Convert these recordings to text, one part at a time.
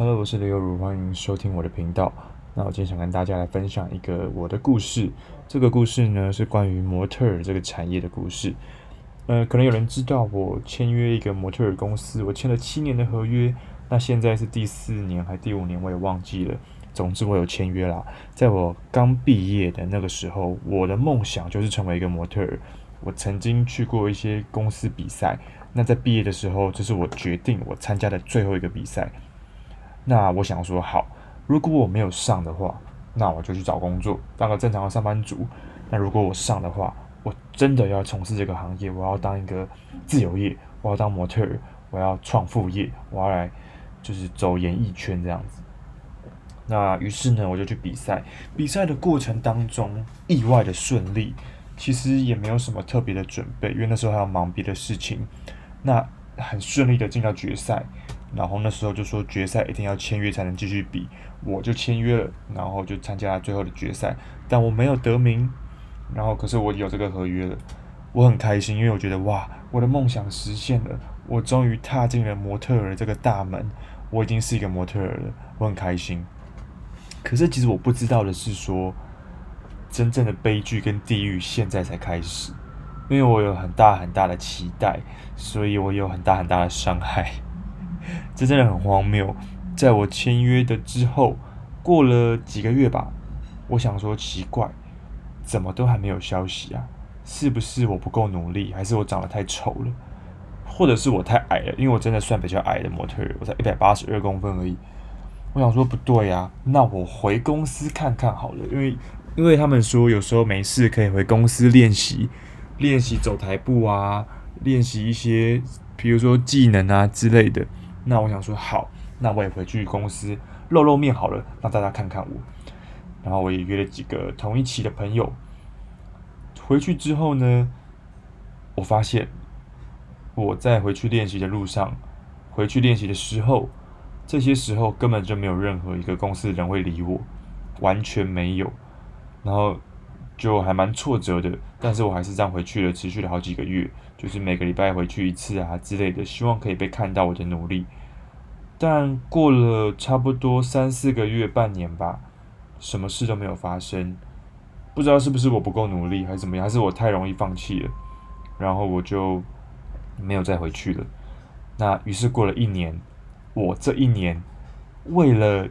Hello，我是劉如，歡迎收聽我的頻道。那我今天想跟大家來分享一個我的故事。這個故事呢，是關於模特兒這個產業的故事。呃，可能有人知道，我簽約一個模特兒公司，我簽了七年的合約。那現在是第四年還是第五年，我也忘記了。總之，我有簽約啦。在我剛畢業的那個時候，我的夢想就是成為一個模特兒。我曾經去過一些公司比賽。那在畢業的時候，這是我決定我參加的最後一個比賽。那我想說，好，如果我沒有上的話，那我就去找工作，當個正常的上班族。那如果我上的話，我真的要從事這個行業，我要當一個自由業，我要當模特兒，我要創副業，我要來就是走演藝圈這樣子。那於是呢，我就去比賽。比賽的過程當中，意外的順利，其實也沒有什麼特別的準備，因為那時候還要忙別的事情。那很順利的進到決賽。然後那時候就說，決賽一定要簽約才能繼續比，我就簽約了，然後就參加了最後的決賽，但我沒有得名，然後可是我有這個合約了，我很開心，因為我覺得哇，我的夢想實現了，我終於踏進了模特兒的這個大門，我已經是一個模特兒了，我很開心。可是其實我不知道的是說，真正的悲劇跟地獄現在才開始，因為我有很大很大的期待，所以我有很大很大的傷害。這真的很荒謬。在我簽約的之後，過了幾個月吧，我想說奇怪，怎麼都還沒有消息啊？是不是我不夠努力，還是我長得太醜了，或者是我太矮了？因為我真的算比較矮的模特兒，我才一百八十二公分而已。我想說不對啊，那我回公司看看好了，因為因為他們說有時候沒事可以回公司練習，練習走台步啊，練習一些比如說技能啊之類的。那我想說好，那我也回去公司露露面好了，讓大家看看我。然後我也約了幾個同一期的朋友。回去之後呢，我發現我在回去練習的路上，回去練習的時候，這些時候根本就沒有任何一個公司的人會理我，完全沒有。然後。就還蠻挫折的，但是我還是這樣回去了，持續了好幾個月，就是每個禮拜回去一次啊之類的，希望可以被看到我的努力。但過了差不多三四個月，半年吧，什麼事都沒有發生，不知道是不是我不夠努力，還是怎麼樣，還是我太容易放棄了，然後我就沒有再回去了。那於是過了一年，我這一年為了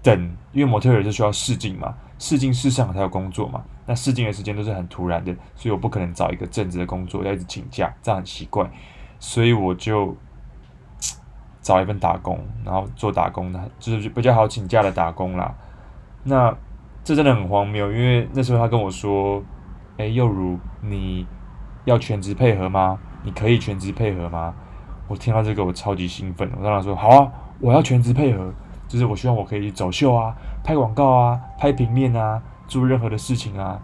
等，因為模特也是需要試鏡嘛。試鏡試上才有工作嘛，那試鏡的時間都是很突然的，所以我不可能找一個正職的工作要一直請假，這樣很奇怪，所以我就找一份打工，然後做打工，就是比較好請假的打工啦。那這真的很荒謬，因為那時候他跟我說：“哎、欸，又如你要全職配合嗎？你可以全職配合嗎？”我聽到這個我超級興奮，我當然說：“好啊，我要全職配合。”就是我希望我可以走秀啊，拍廣告啊，拍平面啊，做任何的事情啊。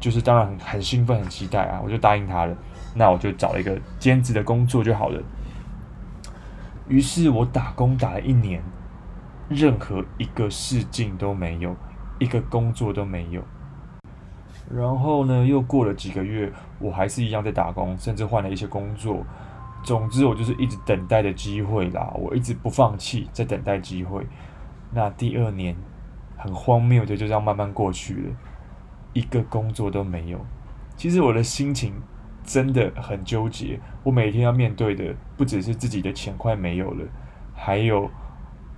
就是當然很，很興奮，很期待啊，我就答應他了。那我就找了一個兼職的工作就好了。於是我打工打了一年，任何一個試鏡都沒有，一個工作都沒有。然後呢，又過了幾個月，我還是一樣在打工，甚至換了一些工作。總之，我就是一直等待的機會啦。我一直不放棄，在等待機會。那第二年，很荒謬的就這樣慢慢過去了，一個工作都沒有。其實我的心情真的很糾結。我每天要面對的不只是自己的錢快沒有了，還有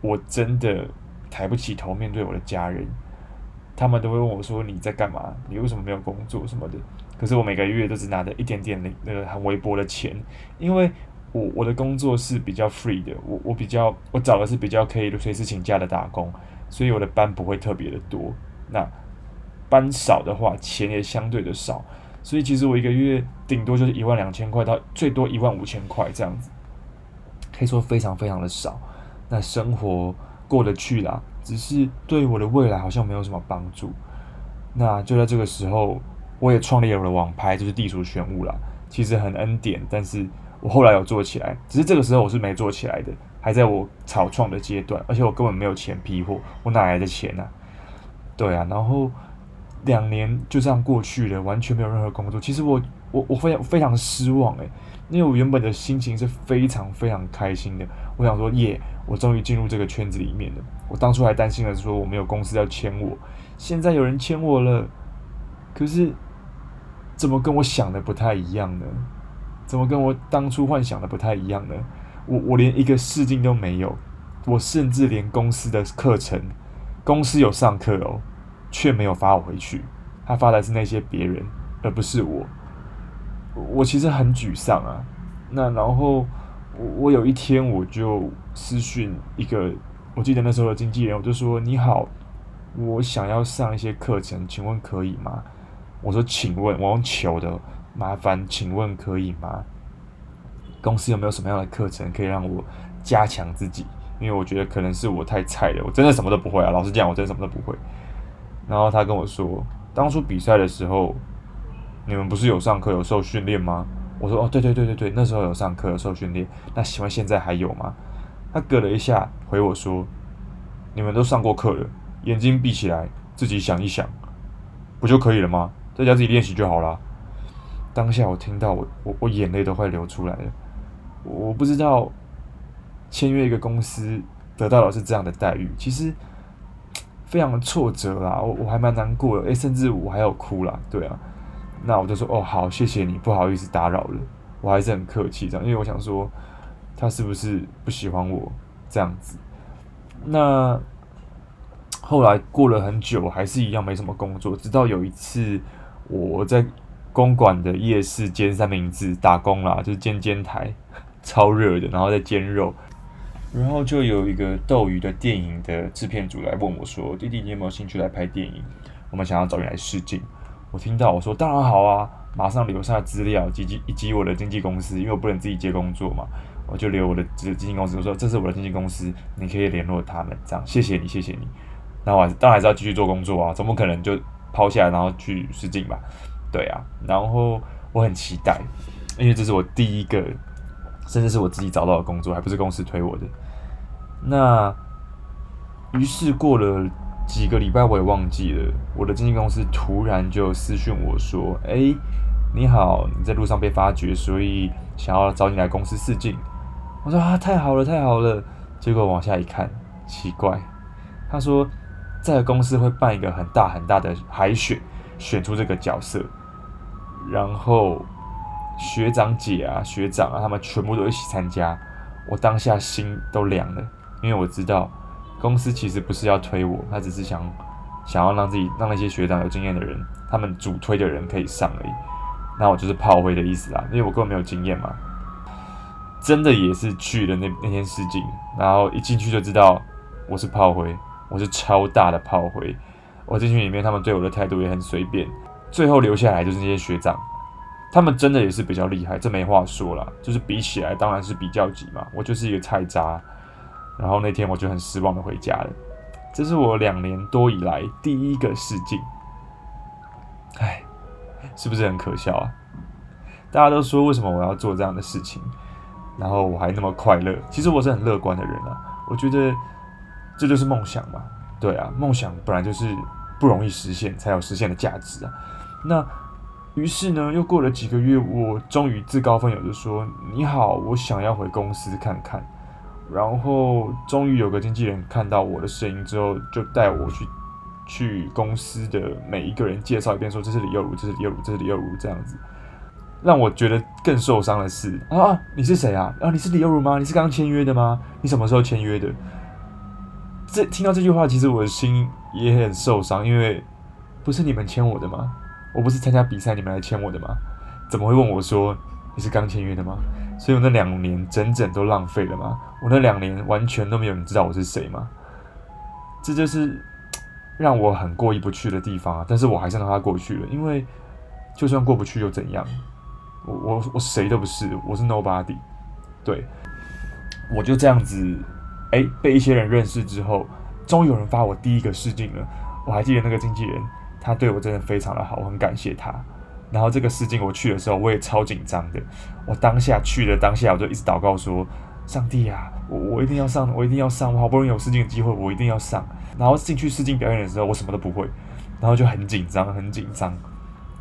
我真的抬不起頭面對我的家人。他們都會問我說：“你在幹嘛？你為什麼沒有工作？什麼的。”可是我每個月都只拿着一點點的那個很微薄的錢，因為我我的工作是比較 free 的，我我比較我找的是比較可以隨時請假的打工，所以我的班不會特別的多。那班少的話，錢也相對的少，所以其實我一個月頂多就是一萬兩千塊到最多一萬五千塊這樣子，可以說非常非常的少。那生活過得去啦，只是對我的未來好像沒有什麼幫助。那就在這個時候。我也創立了網拍，就是地主玄武啦，其實很恩典，但是我後來有做起來，只是這個時候我是沒做起來的，還在我草創的階段，而且我根本沒有錢批貨，我哪來的錢呢、啊？對啊，然後兩年就這樣過去了，完全沒有任何工作。其實我我我非常非常失望誒、欸，因為我原本的心情是非常非常開心的，我想說耶、yeah,，我終於進入這個圈子裡面了。我當初還擔心了說我沒有公司要簽我，現在有人簽我了，可是。怎麼跟我想的不太一樣呢？怎麼跟我當初幻想的不太一樣呢？我我連一個試鏡都沒有，我甚至連公司的課程，公司有上課哦，卻沒有發我回去。他發的是那些別人，而不是我。我，我其實很沮喪啊。那然後我我有一天我就私訊一個，我記得那時候的經紀人，我就說：“你好，我想要上一些課程，請問可以嗎？”我說：“請問，我用求的麻煩，請問可以嗎？公司有沒有什麼樣的課程可以讓我加強自己？因為我覺得可能是我太菜了，我真的什麼都不會啊！老實講，我真的什麼都不會。”然後他跟我說：“當初比賽的時候，你們不是有上課、有受訓練嗎？”我說：“哦，對對對對對，那時候有上課、有受訓練。那請問現在還有嗎？”他隔了一下回我說：“你們都上過課了，眼睛閉起來，自己想一想，不就可以了嗎？”在家自己練習就好了。當下我聽到我，我我眼淚都快流出來了。我不知道簽約一個公司得到的是這樣的待遇，其實非常的挫折啦。我我還蠻難過的，誒、欸，甚至我還要哭啦。對啊，那我就說哦，好，謝謝你，不好意思打擾了，我還是很客氣的，因為我想說他是不是不喜歡我這樣子？那後來過了很久，還是一樣沒什麼工作。直到有一次。我在公館的夜市煎三明治打工啦，就是煎煎台，超熱的，然後在煎肉，然後就有一個鬥魚的電影的製片組來問我說：“弟弟，你有沒有興趣來拍電影？我們想要找你來試鏡。”我聽到我說：“當然好啊，馬上留下資料，以及以及我的經紀公司，因為我不能自己接工作嘛。”我就留我的資經紀公司，我說：“這是我的經紀公司，你可以聯絡他們，這樣謝謝你，謝謝你。然後我還是”那我當然還是要繼續做工作啊，怎麼可能就？拋下來，然後去試鏡吧，對啊，然後我很期待，因為這是我第一個，甚至是我自己找到的工作，還不是公司推我的。那，於是過了幾個禮拜，我也忘記了。我的經紀公司突然就私訊我說：“誒，你好，你在路上被發掘，所以想要找你來公司試鏡。”我說：“啊，太好了，太好了！”結果往下一看，奇怪，他說。在公司會辦一個很大很大的海選，選出這個角色，然後學長姐啊、學長啊，他們全部都一起參加。我當下心都涼了，因為我知道公司其實不是要推我，他只是想想要讓自己讓那些學長有經驗的人，他們主推的人可以上而已。那我就是炮灰的意思啦，因為我根本沒有經驗嘛。真的也是去了那那件事情，然後一進去就知道我是炮灰。我是超大的炮灰，我進去裡面，他們對我的態度也很隨便。最後留下來就是那些學長，他們真的也是比較厲害，這沒話說啦。就是比起來，當然是比較級嘛。我就是一個菜渣。然後那天我就很失望地回家了。這是我兩年多以來第一個試鏡，唉，是不是很可笑啊？大家都說為什麼我要做這樣的事情，然後我還那麼快樂。其實我是很樂觀的人啊，我覺得。這就是夢想嘛？對啊，夢想本來就是不容易實現，才有實現的價值啊。那於是呢，又過了幾個月，我終於自告奮勇地說：“你好，我想要回公司看看。”然後終於有個經紀人看到我的聲音之後，就帶我去去公司的每一個人介紹一遍，說：“這是李又如，這是李又如，這是李又如。”這樣子讓我覺得更受傷的是啊，你是誰啊？啊，你是李又如嗎？你是剛剛簽約的嗎？你什麼時候簽約的？這聽到這句話，其實我的心也很受傷，因為不是你們簽我的嗎？我不是參加比賽，你們來簽我的嗎？怎麼會問我說你是剛簽約的嗎？所以我那兩年整整都浪費了嗎？我那兩年完全都沒有，你知道我是誰嗎？這就是讓我很過意不去的地方。但是我還是讓它過去了，因為就算過不去又怎樣？我我我誰都不是，我是 nobody，對，我就這樣子。誒、欸，被一些人認識之後，終於有人發我第一個試鏡了。我還記得那個經紀人，他對我真的非常的好，我很感謝他。然後這個試鏡我去的時候，我也超緊張的。我當下去了當下，我就一直禱告說：“上帝啊，我我一定要上，我一定要上，我好不容易有試鏡的機會，我一定要上。”然後進去試鏡表演的時候，我什麼都不會，然後就很緊張，很緊張。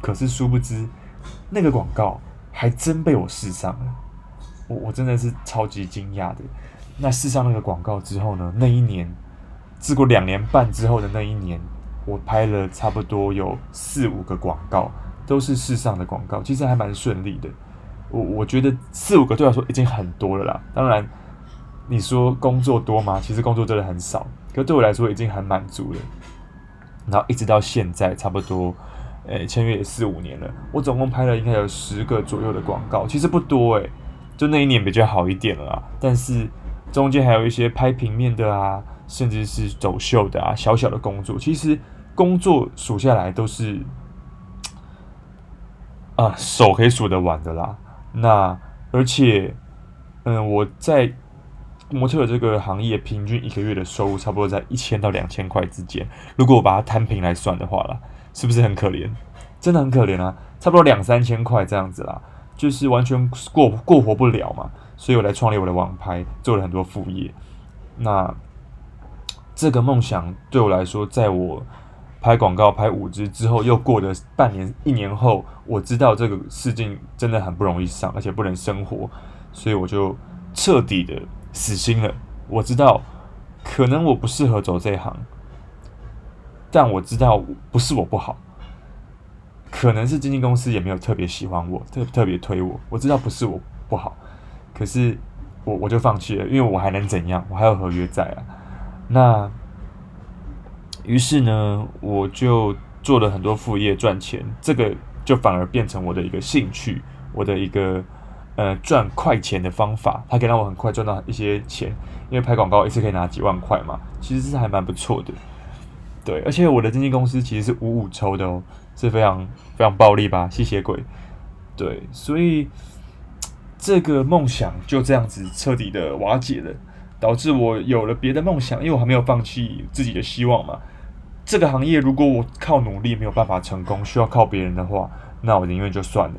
可是殊不知，那個廣告還真被我試上了。我我真的是超級驚訝的。那時尚那個廣告之後呢？那一年，制過兩年半之後的那一年，我拍了差不多有四五個廣告，都是時尚的廣告，其實還蠻順利的。我我覺得四五個對我來說已經很多了啦。當然，你說工作多嗎？其實工作真的很少，可是對我來說已經很滿足了。然後一直到現在，差不多，呃、欸，簽約也四五年了，我總共拍了應該有十個左右的廣告，其實不多誒、欸，就那一年比較好一點了啦，但是。中間還有一些拍平面的啊，甚至是走秀的啊，小小的工作，其實工作數下來都是啊、呃，手可以數得完的啦。那而且，嗯，我在模特這個行業，平均一個月的收入差不多在一千到兩千塊之間。如果我把它攤平來算的話了，是不是很可憐？真的很可憐啊，差不多兩三千塊這樣子啦，就是完全過過活不了嘛。所以我來創立我的網拍，做了很多副業。那這個夢想對我來說，在我拍廣告、拍五支之後，又過了半年、一年後，我知道這個事情真的很不容易上，而且不能生活，所以我就徹底的死心了。我知道可能我不適合走這一行，但我知道不是我不好，可能是經紀公司也沒有特別喜歡我，特特別推我。我知道不是我不好。可是我，我我就放棄了，因為我還能怎樣？我還有合約在啊。那，於是呢，我就做了很多副業賺錢，這個就反而變成我的一個興趣，我的一個呃賺快錢的方法。它可以讓我很快賺到一些錢，因為拍廣告一次可以拿幾萬塊嘛，其實這是還蠻不錯的。對，而且我的經紀公司其實是五五抽的哦，是非常非常暴利吧，吸血鬼。對，所以。這個夢想就這樣子徹底的瓦解了，導致我有了別的夢想，因為我還沒有放棄自己的希望嘛。這個行業如果我靠努力沒有辦法成功，需要靠別人的話，那我寧願就算了。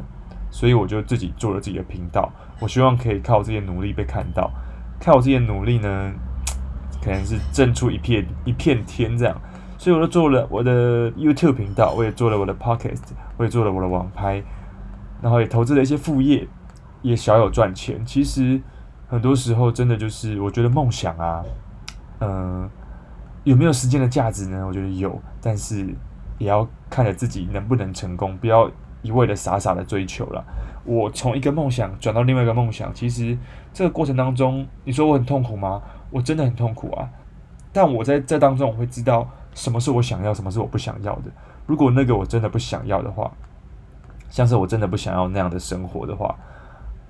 所以我就自己做了自己的頻道，我希望可以靠這些努力被看到，靠自己努力呢，可能是掙出一片一片天這樣。所以我就做了我的 YouTube 頻道，我也做了我的 Podcast，我也做了我的網拍，然後也投資了一些副業。也小有賺錢，其實很多時候真的就是，我覺得夢想啊，嗯、呃，有沒有時間的價值呢？我覺得有，但是也要看着自己能不能成功，不要一味的傻傻的追求了。我從一個夢想轉到另外一個夢想，其實這個過程當中，你說我很痛苦嗎？我真的很痛苦啊，但我在這當中，我會知道什麼是我想要，什麼是我不想要的。如果那個我真的不想要的話，像是我真的不想要那樣的生活的話。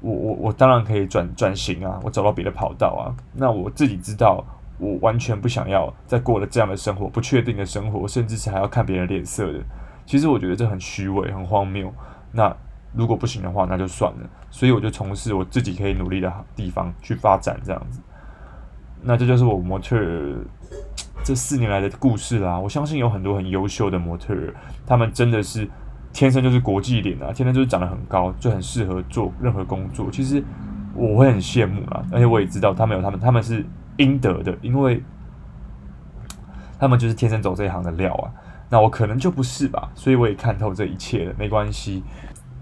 我我我當然可以轉轉型啊，我找到別的跑道啊。那我自己知道，我完全不想要再過了這樣的生活，不確定的生活，甚至是還要看別人臉色的。其實我覺得這很虛偽，很荒謬。那如果不行的話，那就算了。所以我就從事我自己可以努力的地方去發展，這樣子。那這就是我模特兒這四年來的故事啦。我相信有很多很優秀的模特兒，他們真的是。天生就是國際臉啊，天生就是長得很高，就很適合做任何工作。其實我會很羨慕啦，而且我也知道他們有他們，他們是應得的，因為他們就是天生走這一行的料啊。那我可能就不是吧，所以我也看透這一切了，沒關係。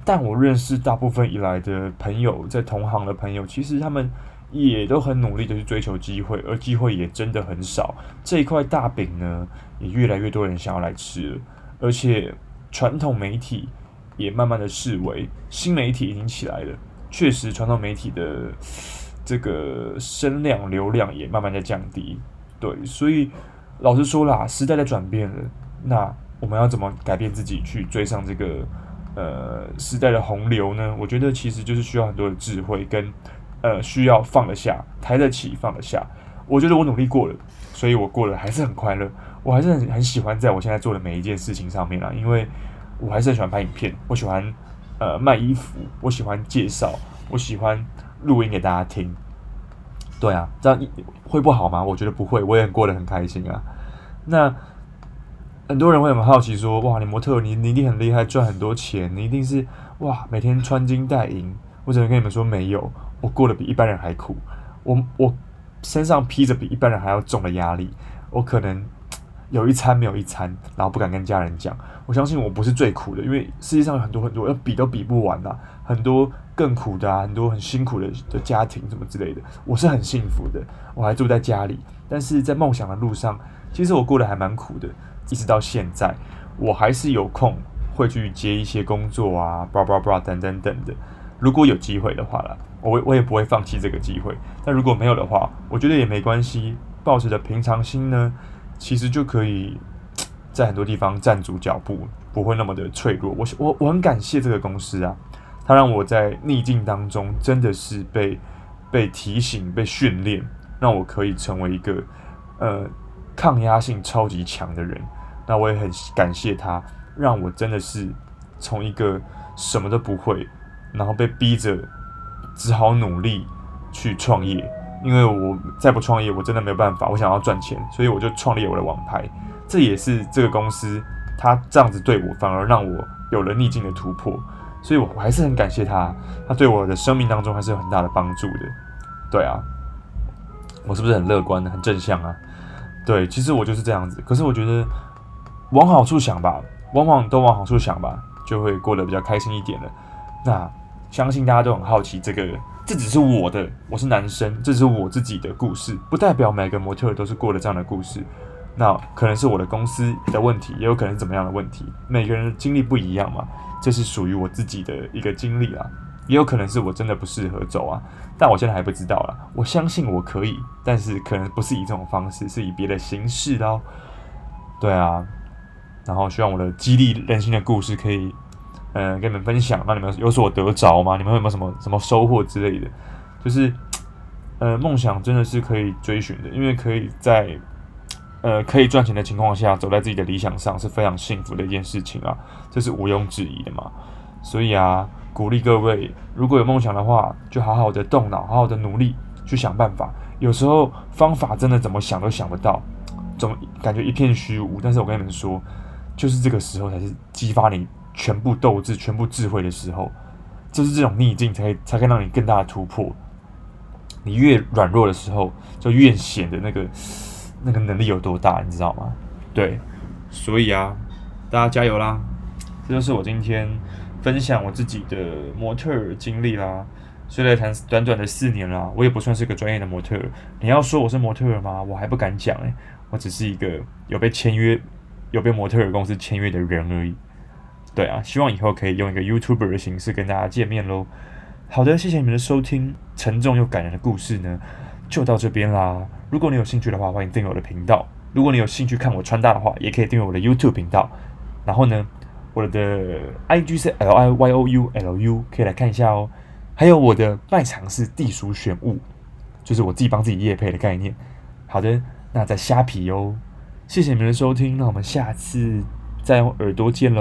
但我認識大部分以來的朋友，在同行的朋友，其實他們也都很努力的去追求機會，而機會也真的很少。這一塊大餅呢，也越來越多人想要來吃，而且。傳統媒體也慢慢的式微，新媒體已經起來了。確實，傳統媒體的這個聲量、流量也慢慢的降低。對，所以老實說啦，時代在轉變了，那我們要怎麼改變自己去追上這個呃時代的洪流呢？我覺得其實就是需要很多的智慧跟，跟呃需要放得下、抬得起、放得下。我覺得我努力過了。所以，我過得還是很快樂，我還是很喜歡在我現在做的每一件事情上面啊，因為我還是很喜歡拍影片，我喜歡呃賣衣服，我喜歡介紹，我喜歡錄音給大家聽，對啊，這樣會不好嗎？我覺得不會，我也過得很開心啊。那很多人會很好奇說，哇，你模特，你你一定很厲害，賺很多錢，你一定是哇每天穿金戴銀。我只能跟你們說，沒有，我過得比一般人還苦，我我。身上披着比一般人還要重的壓力，我可能有一餐沒有一餐，然後不敢跟家人講。我相信我不是最苦的，因為世界上有很多很多要比都比不完啦、啊、很多更苦的、啊，很多很辛苦的的家庭什麼之類的。我是很幸福的，我還住在家裡。但是在夢想的路上，其實我過得還蠻苦的，一直到現在，我還是有空會去接一些工作啊，blah blah blah 等等等的。如果有機會的話啦。我我也不會放棄這個機會，但如果沒有的話，我覺得也沒關係。抱持著平常心呢，其實就可以在很多地方站住腳步，不會那麼的脆弱。我我我很感謝這個公司啊，它讓我在逆境當中真的是被被提醒、被訓練，讓我可以成為一個呃抗壓性超級強的人。那我也很感謝他，讓我真的是從一個什麼都不會，然後被逼着。只好努力去創業，因為我再不創業，我真的沒有辦法。我想要賺錢，所以我就創立我的網拍。這也是這個公司，他這樣子對我，反而讓我有了逆境的突破。所以，我我還是很感謝他，他對我的生命當中還是有很大的幫助的。對啊，我是不是很樂觀、很正向啊？對，其實我就是這樣子。可是我覺得，往好處想吧，往往都往好處想吧，就會過得比較開心一點了。那。相信大家都很好奇這個，這只是我的，我是男生，這是我自己的故事，不代表每個模特都是過了這樣的故事。那可能是我的公司的問題，也有可能是怎麼樣的問題。每個人的經歷不一樣嘛，這是屬於我自己的一個經歷啊。也有可能是我真的不適合走啊，但我現在還不知道了。我相信我可以，但是可能不是以這種方式，是以別的形式嘍。對啊，然後希望我的激勵人心的故事可以，呃，跟你們分享，讓你們有所得着嗎？你們有沒有什麼什麼收穫之類的？就是，呃，夢想真的是可以追尋的，因為可以在，呃，可以賺錢的情況下，走在自己的理想上，是非常幸福的一件事情啊，這是毋庸置疑的嘛。所以啊，鼓勵各位，如果有夢想的話，就好好的動腦，好好的努力去想辦法。有時候方法真的怎麼想都想不到，總感覺一片虛無。但是我跟你們說，就是這個時候才是激發你。全部鬥志、全部智慧的時候，就是這種逆境才才可以讓你更大的突破。你越軟弱的時候，就越顯得那個那個能力有多大，你知道嗎？對，所以啊，大家加油啦！這就是我今天分享我自己的模特經歷啦。雖然才短短的四年啦，我也不算是個專業的模特。你要說我是模特兒嗎？我還不敢講哎、欸，我只是一個有被簽約、有被模特公司簽約的人而已。對啊，希望以後可以用一個 YouTuber 的形式跟大家見面嘍。好的，謝謝你們的收聽，沉重又感人的故事呢，就到這邊啦。如果你有興趣的話，歡迎訂閱我的頻道。如果你有興趣看我穿搭的話，也可以訂閱我的 YouTube 頻道。然後呢，我的 IG 是 L I Y O U L U，可以來看一下哦。還有我的賣場是地鼠選物，就是我自己幫自己業配的概念。好的，那在蝦皮哦。謝謝你們的收聽，那我們下次再用耳朵見嘍。